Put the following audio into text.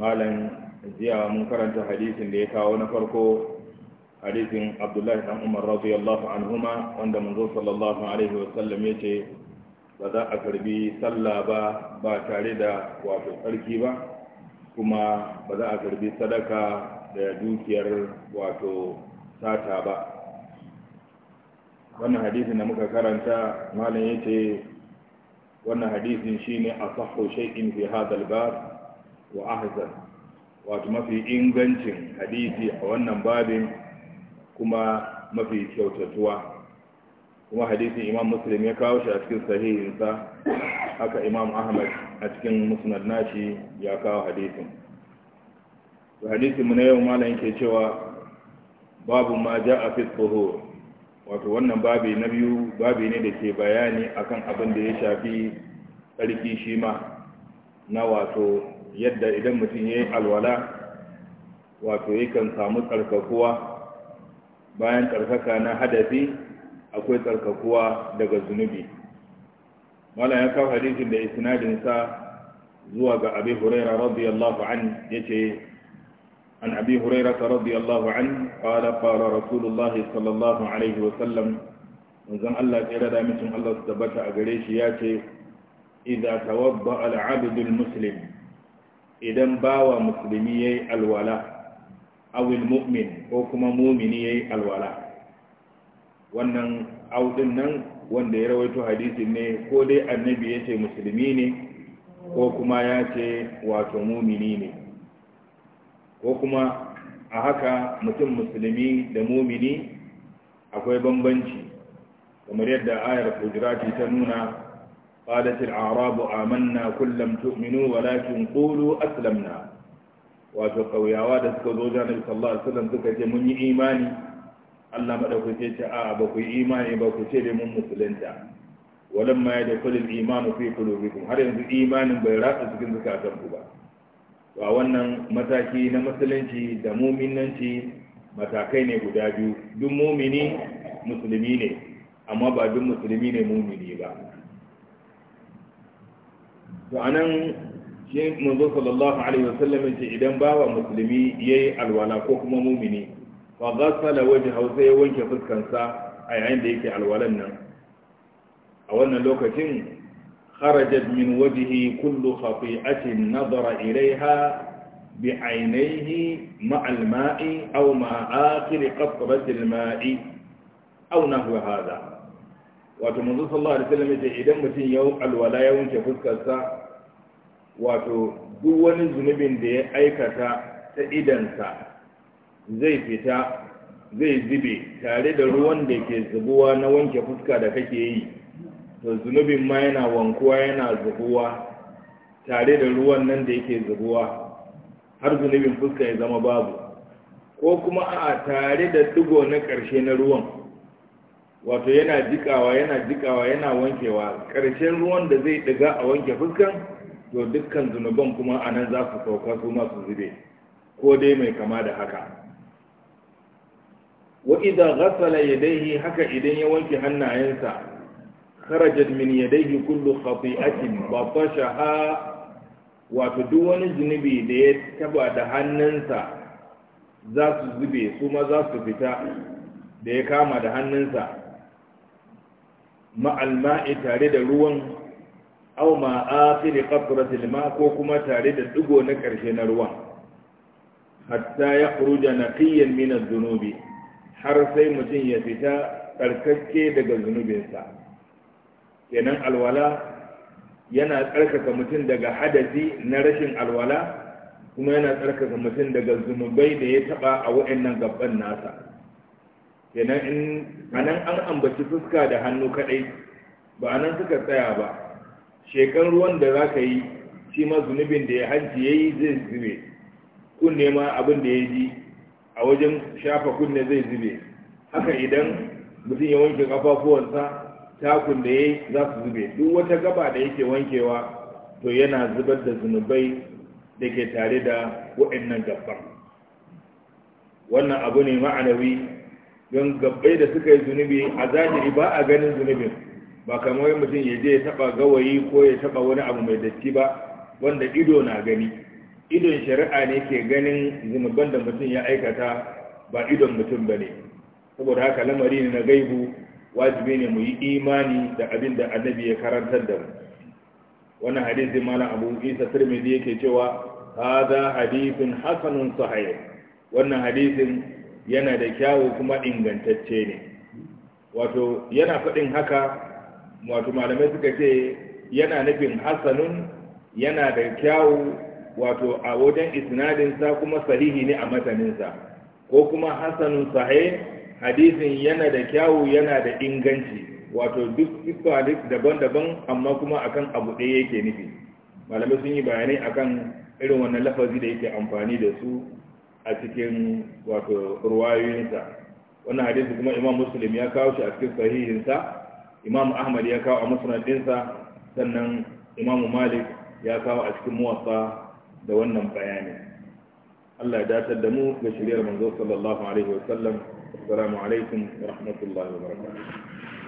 malam ziya mun karanta hadisin da ya kawo na farko hadisin abdullahi dan umar radiyallahu anhuma wanda manzo sallallahu alaihi wa ya ce ba za a karbi sallah ba ba tare da wato tsarki ba kuma ba za a karbi sadaka da dukiyar wato sata ba wannan hadisin da muka karanta malam ya ce wannan hadisin shine asahhu shay'in fi hadha al-bab wa ahzan wato mafi ingancin hadisi a wannan babin kuma mafi kyautatuwa kuma hadisin imam muslim ya kawo shi a cikin sahihinsa haka imam ahmad a cikin musnad nashi ya kawo hadisin to hadisin mu na yau malam yake cewa babu ma a fi tsoho wato wannan babi na biyu babi ne da ke bayani akan abin da ya shafi tsarki shi ma na wato yadda idan mutum ya yi alwala wato yakan samu tsarkakuwa bayan tsarkaka na hadafi akwai tsarkakuwa daga zunubi mala ya kawo hadisin da isnadinsa zuwa ga abi huraira radiyallahu an yace an abi huraira radiyallahu an qala fara rasulullahi sallallahu alaihi wa sallam manzon Allah tsira da mutum Allah su tabbata a gare shi yace ce tawadda al-abd al idan bawa musulmi yayi alwala awil mu'min ko kuma mumini yayi alwala wannan audin nan wanda ya rawaito hadisin ne ko dai annabi ya ce musulmi ne ko kuma ya ce wato mumini ne ko kuma a haka mutum musulmi da mumini akwai bambanci kamar yadda ayar hujrati ta nuna قالت الأعراب آمنا كل لم تؤمنوا ولكن قولوا أسلمنا وتقوا يا واد سكو النبي صلى الله عليه وسلم تكت من إيماني الله ما دوك تيتا آ إيماني بكو تيتا من مسلمتا ولما يدخل الإيمان في قلوبكم هل ينزل إيمان بيراق سكين زكاتكم با wa متاكين mataki na musulunci da muminanci matakai ne guda biyu duk mumini musulmi to anan shi manzo sallallahu alaihi wasallam yace idan bawa musulmi yayi alwala ko kuma mumini fa ghassala wajhahu sai ya wanke fuskansa a yayin da yake alwalan nan a wannan lokacin kharajat min wajhi kullu khati'atin nadara ilaiha بعينيه مع الماء أو مع آخر قطرة الماء أو نحو هذا wato manzo sallallahu alaihi wasallam yace idan mutum ya alwala ya wanke fuskarsa wato duk wani zunubin da ya aikata ta idansa zai fita zai zube tare da ruwan da ke zubuwa na wanke fuska da kake yi to zunubin ma yana wankuwa yana zubuwa tare da ruwan nan da yake zubuwa har zunubin fuska ya zama babu ko kuma a tare da digo na ƙarshe na ruwan wato yana jikawa yana jikawa yana wankewa ƙarshen ruwan da zai ɗiga a wanke fuskan to dukkan zunuban kuma a nan za su sauka su masu zube ko dai mai kama da haka wa idza ya yadayhi haka idan ya wanke hannayensa kharajat min yadayhi kullu khati'atin batashaha wato duk wani zunubi da ya taba da hannunsa za su zube su ma za su fita da ya kama da hannunsa ma'alma'i tare da ruwan aw ma akhir qatratil ma ko kuma tare da digo na karshe na ruwan hatta yakhruja naqiyan min adh-dhunubi har sai mutum ya fita tsarkake daga zunubinsa kenan alwala yana tsarkaka mutum daga hadasi na rashin alwala kuma yana tsarkaka mutum daga zunubai da ya taba a wa'annan gaban nasa kenan in anan an ambaci fuska da hannu kaɗai, ba nan suka tsaya ba shekar ruwan da za ka yi shi ma zunubin da ya hajji ya yi zai zube kunne ma abin da ya ji a wajen shafa kunne zai zube haka idan mutum ya wanke kafafuwansa takun da ya yi za su zube duk wata gaba da yake wankewa to yana zubar da zunubai da ke tare da nan gabban wannan abu ne ma'anawi don gabbai da suka yi zunubi a zahiri ba a ganin zunubin ba kamar mutum ya je ya taba gawayi ko ya taba wani abu mai datti ba wanda ido na gani idon shari'a ne ke ganin zunuban da mutum ya aikata ba idon mutum ba ne saboda haka lamari ne na gaibu wajibi ne mu yi imani da abin da annabi ya karantar da mu wannan hadisi malam abu isa tirmidhi yake cewa hadha hadithun hasanun sahih wannan hadisin yana da kyawu kuma ingantacce ne wato yana faɗin haka wato malamai suka ce yana nufin hasanun yana da kyawu wato a wajen isnadinsa kuma sahihi ne a mataninsa ko kuma hasanun sahe hadisin yana da kyawu yana da inganci wato duk hadis daban-daban amma kuma akan abu ɗaya yake nufi malamai sun yi bayanai akan irin wannan lafazi da yake amfani da su a cikin wato ruwayoyinsa wannan hadisi kuma imam muslim ya kawo shi a cikin sahihinsa imam ahmad ya kawo a musnad dinsa sannan imam malik ya kawo a cikin muwasa da wannan bayani Allah ya datar da mu ga shiriyar manzo sallallahu alaihi wasallam assalamu alaikum wa rahmatullahi wa barakatuh